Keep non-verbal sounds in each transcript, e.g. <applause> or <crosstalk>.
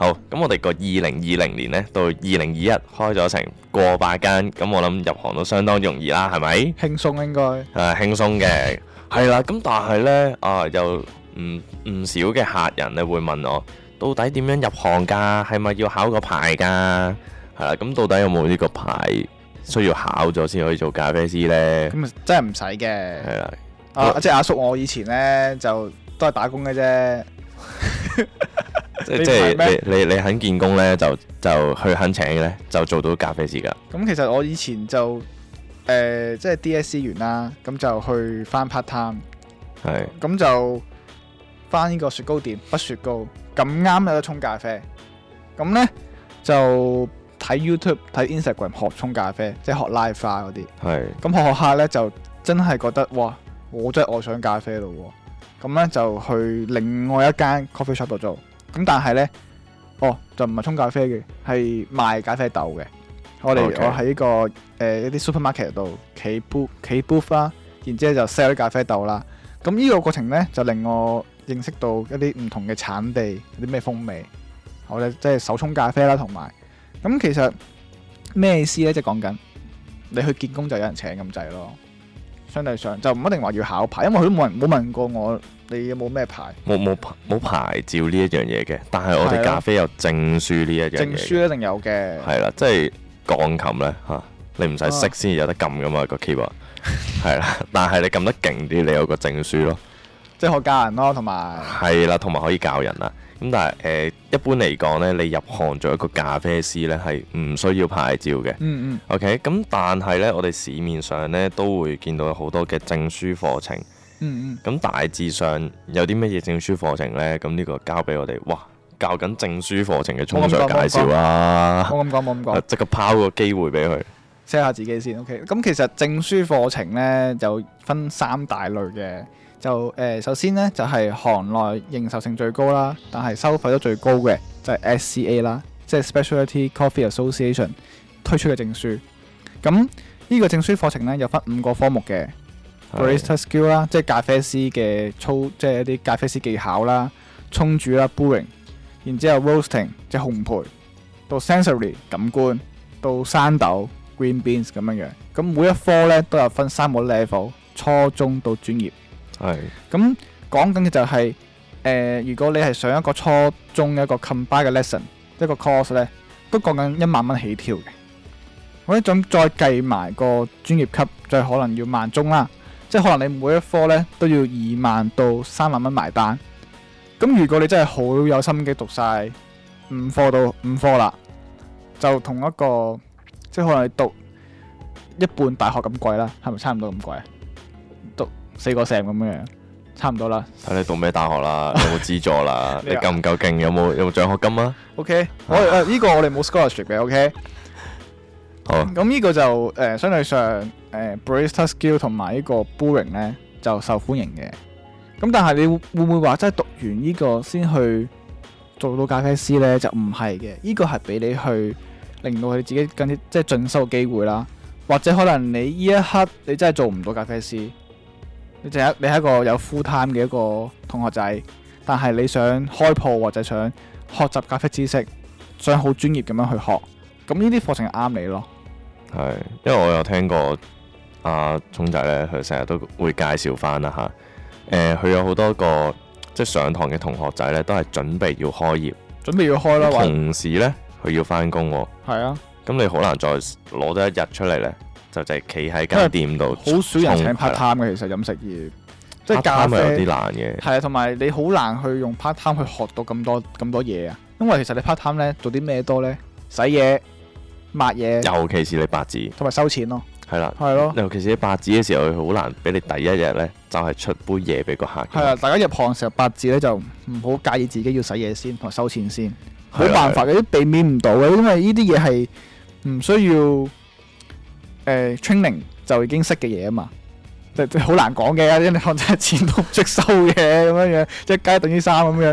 好，咁我哋個二零二零年咧，到二零二一開咗成過百間，咁我諗入行都相當容易啦，係咪？輕鬆應該係輕鬆嘅，係啦。咁但係咧，啊有唔唔少嘅客人咧會問我，到底點樣入行噶？係咪要考個牌噶？係啦。咁到底有冇呢個牌需要考咗先可以做咖啡師咧？咁啊，真係唔使嘅。係啦，阿阿即係阿叔，我以前咧就都係打工嘅啫。即係你你肯見工咧，就就去肯請嘅咧，就做到咖啡師㗎。咁其實我以前就誒，即、呃、係、就是、D S C 完啦，咁就去返 part time 係咁是就返呢個雪糕店，不雪糕咁啱有得沖咖啡。咁咧就睇 YouTube 睇 Instagram 學沖咖啡，即係學拉花嗰啲係。咁是學下咧就真係覺得哇，我真係愛上咖啡咯。咁咧就去另外一間 coffee shop 度做。咁但係呢，哦就唔係沖咖啡嘅，係賣咖啡豆嘅。我哋 Okay. 我喺個誒、呃、一啲 supermarket 度企 booth 企 booth 啦，然之後就 sell 咖啡豆啦。咁、嗯、呢、這個過程呢，就令我認識到一啲唔同嘅產地有啲咩風味。我哋即係手沖咖啡啦，同埋咁其實咩意思呢？即、就、係、是、講緊你去見工就有人請咁滯咯。相對上就唔一定話要考牌，因為佢都冇人冇問過我你有冇咩牌。冇冇冇牌照呢一樣嘢嘅，但係我哋咖啡有證書呢一樣嘢。證書一定有嘅。係啦，即係鋼琴咧嚇、啊，你唔使識先有得撳噶嘛個 keyboard。係啦、啊，但係你撳得勁啲，你有個證書咯。即係學教人咯、啊，同埋。係啦，同埋可以教人啊。咁但係誒、呃、一般嚟講咧，你入行做一個咖啡師咧，係唔需要牌照嘅。嗯嗯。O K，咁但係咧，我哋市面上咧都會見到好多嘅證書課程。嗯嗯。咁大致上有啲乜嘢證書課程咧？咁呢個交俾我哋，哇！教緊證書課程嘅充場介紹啦、啊。冇咁講，冇咁講。即刻拋個機會俾佢。check 下自己先。O K，咁其實證書課程咧就分三大類嘅。就誒、呃，首先呢，就係、是、行內認受性最高啦，但係收費都最高嘅就係、是、SCA 啦，即係 Specialty Coffee Association 推出嘅證書。咁呢、這個證書課程呢，有分五個科目嘅 barista skill 啦，即係咖啡師嘅操，即係一啲咖啡師技巧啦，沖煮啦，brewing，然之後 roasting 即係烘焙，到 sensory 感官，到生豆 green beans 咁樣樣。咁每一科呢，都有分三個 level，初中到專業。係咁、嗯、講緊嘅就係、是、誒、呃，如果你係上一個初中嘅一個 combine 嘅 lesson，一個 course 呢，都講緊一萬蚊起跳嘅。我、嗯、一種再計埋個專業級，就是、可能要萬中啦。即係可能你每一科呢，都要二萬到三萬蚊埋單。咁、嗯、如果你真係好有心機讀晒五科到五科啦，就同一個即係可能你讀一半大學咁貴啦，係咪差唔多咁貴啊？四個 p e r 咁嘅，差唔多啦。睇你讀咩大學啦， <laughs> 有冇資助啦？ <laughs> 你夠唔夠勁？ <laughs> 有冇有冇獎學金啊？O K，我誒呢個我哋冇 scholarship 嘅。O、okay? K，好咁呢，嗯、個就誒、呃、相對上誒、呃、Barista Skill 同埋呢個 Brewing 咧就受歡迎嘅。咁但係你會唔會話真係讀完呢個先去做到咖啡師咧？就唔係嘅，呢、這個係俾你去令到你自己跟啲即係進修嘅機會啦。或者可能你呢一刻你真係做唔到咖啡師。你仲有你係一個有 full time 嘅一個同學仔，但係你想開鋪或者想學習咖啡知識，想好專業咁樣去學，咁呢啲課程啱你咯。係，因為我有聽過阿、啊、聰仔咧，佢成日都會介紹翻啦嚇。誒、呃，佢有好多個即係上堂嘅同學仔咧，都係準備要開業，準備要開啦。同時咧，佢要翻工喎。係啊。咁你好難再攞多一日出嚟咧。就就係企喺間店度，好少人請 part time 嘅。其實飲食業，對了 飲食業，即係 part time 有啲難嘅。係啊，同埋你好難去用 part time 去學到咁多咁多嘢啊。因為其實你 part time 咧做啲咩多咧？洗嘢、抹嘢，尤其是你白紙，同埋收錢咯。係啦了，係咯了。尤其是你白紙嘅時候，佢好難俾你第一日咧就係、是、出杯嘢俾個客人。係啊，大家入行成日白紙咧，就唔好介意自己要洗嘢先同收錢先，冇對了 辦法嘅，都避免唔到嘅，因為呢啲嘢係唔需要。誒，training 就已經識嘅嘢啊嘛，即係好難講嘅，因為真係錢都唔識收嘅咁樣樣，一加等於三咁樣，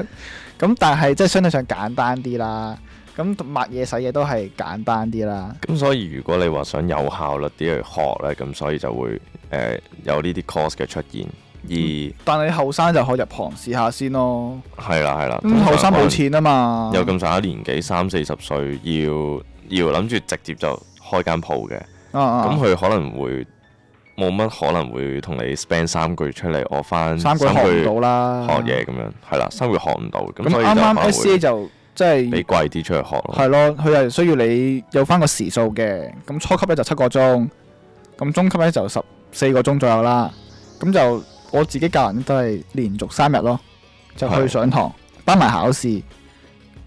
咁但係即係相對上簡單啲啦，咁抹嘢洗嘢都係簡單啲啦。咁所以如果你話想有效率啲去學咧，咁所以就會誒、呃、有呢啲 course 嘅出現。而但係後生就可以入行試下先咯。係啦係啦，咁後生冇錢啊嘛，有咁上下年紀三四十歲，要要諗住直接就開間鋪嘅。咁佢，啊啊啊、可能會冇乜可能會同你 spend 三個月出嚟，我翻三個月學唔到啦，學嘢咁樣係啦，三月學唔、啊、到。咁啱啱 S A 就即係俾貴啲出去學咯。係咯，佢係需要你有翻個時數嘅。咁初級咧就七個鐘，咁中級咧就十四個鐘左右啦。咁就我自己教人都係連續三日咯，就去上堂，班埋了考試。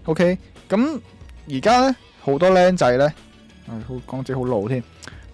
O K，咁而家咧好多僆仔咧，誒、哎，講姐好老添。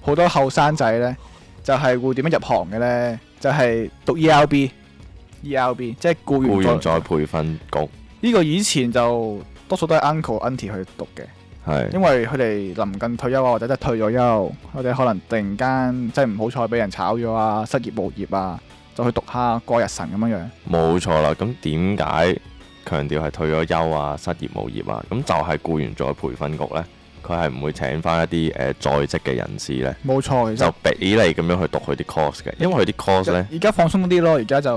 好多後生仔呢，就係會點樣入行嘅呢？就係讀 ERB，ERB，嗯，即係雇員再培訓局。呢個以前就多數都係 uncle aunt 去讀嘅，係因為佢哋臨近退休啊，或者即係退咗休，佢哋可能突然間即係唔好彩俾人炒咗啊，失業無業啊，就去讀下過日神咁樣樣。冇錯啦，咁點解強調係退咗休啊、失業無業啊？咁就係雇員在培訓局呢。佢係唔會請翻一啲誒、呃、在職嘅人士咧，冇錯，就俾你咁樣去讀佢啲 course 嘅，因為佢啲 course 咧，而家放鬆啲咯，而家就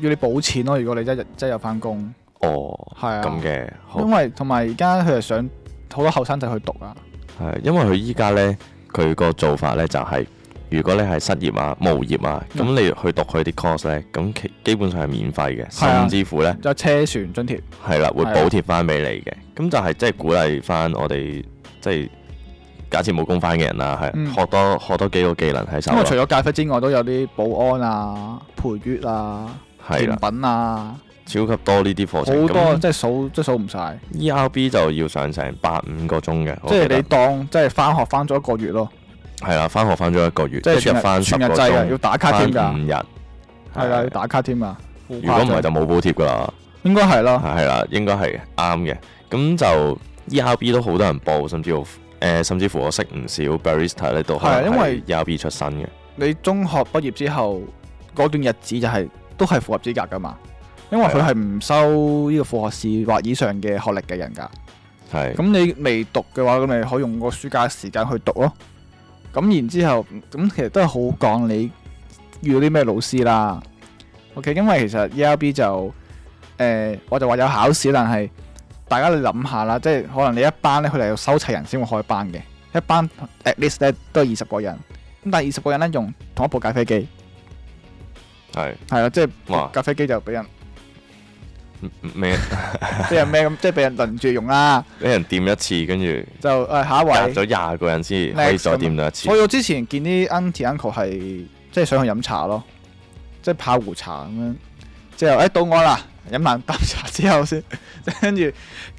要你補錢咯。如果你一日即係有翻工，哦，係啊，咁嘅，因為同埋而家佢係想好多後生仔去讀啊，係，因為佢依家咧，佢個、嗯、做法咧就係、是，如果你係失業啊、無業啊，咁、嗯、你去讀佢啲 course 咧，咁其基本上係免費嘅，嗯、甚至乎咧，有車船津貼，係啦，會補貼翻俾你嘅，咁的、嗯嗯嗯、就係即係鼓勵翻我哋。即係假設冇工翻嘅人啦，係學多學多幾個技能喺手。咁啊，除咗咖啡之外，都有啲保安啊、陪月啊、甜品啊，超級多呢啲課程。好多，即係數，即係數唔晒。E R B 就要上成八五個鐘嘅。即係你當即係翻學翻咗一個月咯。係啦，翻學翻咗一個月，即係入翻全日制啊，要打卡添噶。五日。係啦，要打卡添啊。如果唔係就冇補貼噶啦。應該係咯。係啦，應該係啱嘅。咁就。ERB 都好多人報，甚至乎誒、呃，甚至乎我識唔少 barista 咧，Bar ista, 都係 ERB 出身嘅。你中學畢業之後嗰段日子就係、是、都係符合資格噶嘛？因為佢係唔收呢個副學士或以上嘅學歷嘅人噶。係。咁你未讀嘅話，咁咪可以用個暑假時間去讀咯。咁然之後，咁其實都係好講你遇到啲咩老師啦。O.K.，因為其實 ERB 就誒、呃，我就話有考試，但係。大家你諗下啦，即係可能你一班咧，佢哋要收齊人先會開班嘅。一班 at least 咧都係二十個人，咁但係二十個人咧用同一部咖啡機，係係啦，即係咖啡機就俾人咩哇， <laughs> 即係咩咁，即係俾人輪住用啦、啊，俾 <laughs> 人掂一次跟住就誒、哎、下一位，咗廿個人先可以再掂到一次。我有之前見啲 un uncle uncle 係即係想去飲茶咯，即係泡壺茶咁樣，之後誒到我啦。飲啖啖茶之後先， <laughs> 跟住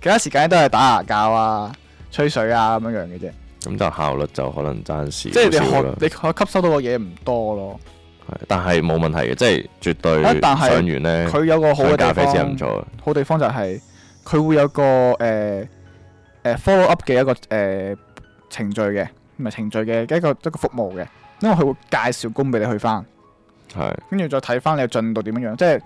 其他時間都係打牙骹啊、吹水啊咁樣樣嘅啫。咁就效率就可能差少少，即係你可你可吸收到嘅嘢唔多咯。但係冇問題嘅，即係絕對上完咧，佢有個好嘅地方。咖啡先係唔錯。好地方就係佢會有個誒誒、呃呃、follow up 嘅一個誒、呃、程序嘅，唔係程序嘅一個一個服務嘅，因為佢會介紹工俾你去翻。係是。跟住再睇翻你嘅進度點樣樣，即係。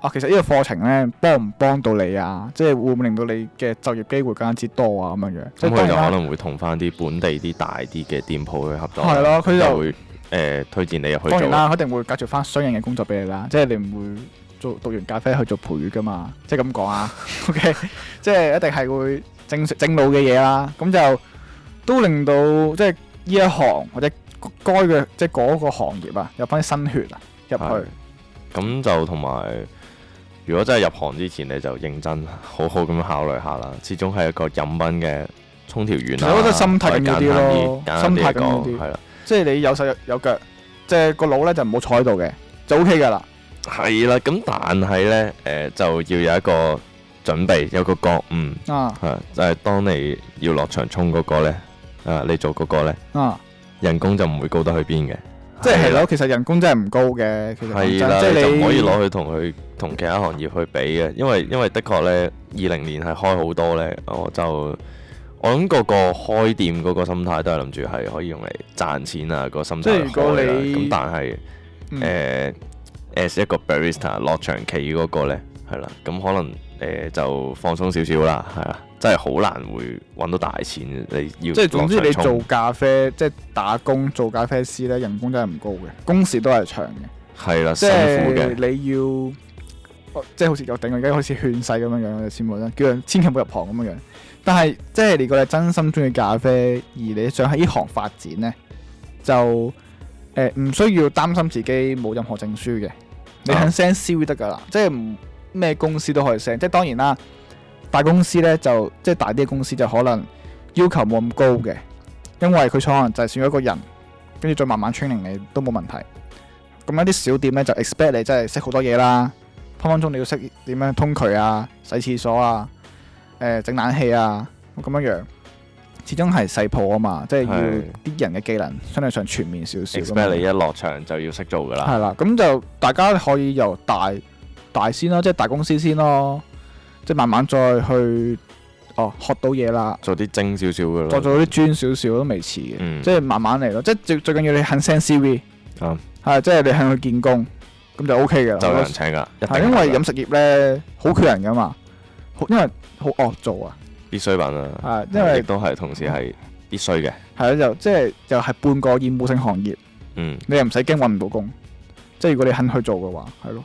啊，其實呢個課程咧，幫唔幫到你啊？即係會唔會令到你嘅就業機會更加之多啊？咁樣樣咁佢就可能會同翻啲本地啲大啲嘅店鋪去合作。係咯，啊，佢就，就會誒、呃、推薦你入去做。當然啦，肯定會介紹翻相應嘅工作俾你啦。即係你唔會做讀完咖啡去做培養噶嘛？即係咁講啊。OK， <laughs> <laughs> <laughs> 即係一定係會正正路嘅嘢啦。咁、啊、就都令到即係呢一行或者該嘅即係嗰個行業啊，有翻啲新血啊入去。咁就同埋。如果真係入行之前，你就認真好好咁考慮下啦。始終係一個飲品嘅沖調員、啊，睇、嗯、得心態嗰啲咯。心態嗰啲，係啦了。即係你有手有，有腳，即係個腦咧就唔好坐喺度嘅，就 O K 噶啦。係啦，咁但係咧，誒、呃、就要有一個準備，有個覺悟啊。係，就係、是、當你要落場沖嗰個咧，啊，你做嗰個咧，啊，人工就唔會高得去邊嘅。即係係咯，的其實人工真係唔高嘅。係啦的，即係你，你就唔可以攞去同佢同其他行業去比嘅，因為因為的確咧，二零年係開好多咧，我就我諗個個開店嗰個心態都係諗住係可以用嚟賺錢啊、個心態。即係如果你咁，但係誒、呃嗯、，as 一個 barista、嗯、落場企嗰個咧，係啦，咁可能。誒、呃、就放鬆少少啦，係啊，真係好難會揾到大錢。你要即係總之你做咖啡，即係打工做咖啡師咧，人工真係唔高嘅，工時都係長嘅。係啦的，即係是你要，哦、即係好似有頂而家好似勸世咁樣樣先師叫人千祈唔好入行咁樣樣。但係即係你如果你真心中意咖啡，而你想喺呢行發展咧，就誒唔、呃、需要擔心自己冇任何證書嘅，你肯 send cv 得噶啦，啊、即係唔。咩公司都可以升，即係當然啦。大公司呢，就即係大啲嘅公司就可能要求冇咁高嘅，因為佢可能就係選咗一個人，跟住再慢慢 training 你都冇問題。咁一啲小店呢，就 expect 你真係識好多嘢啦，分分鐘你要識點樣通渠啊、洗廁所啊、呃、整冷氣啊咁樣樣，始終係細鋪啊嘛，是即係要啲人嘅技能相對上全面少少。expect 你一落場就要識做噶啦。係啦，咁就大家可以由大。大先咯，即係大公司先咯，即係慢慢再去哦，學到嘢啦，做啲精少少嘅，做啲專少少都未遲嘅，嗯，即係慢慢嚟咯。即係最最緊要你肯 send CV，係即係你肯去見工，咁就 OK 嘅，就有人請噶，係因為飲食業咧好缺人噶嘛，好因為好惡，哦、做啊，必需品啊，係因為，嗯、亦都係同時係必須嘅，係咯、嗯，就即係又係半個厭惡性行業，嗯，你又唔使驚搵唔到工，即係如果你肯去做嘅話，係咯。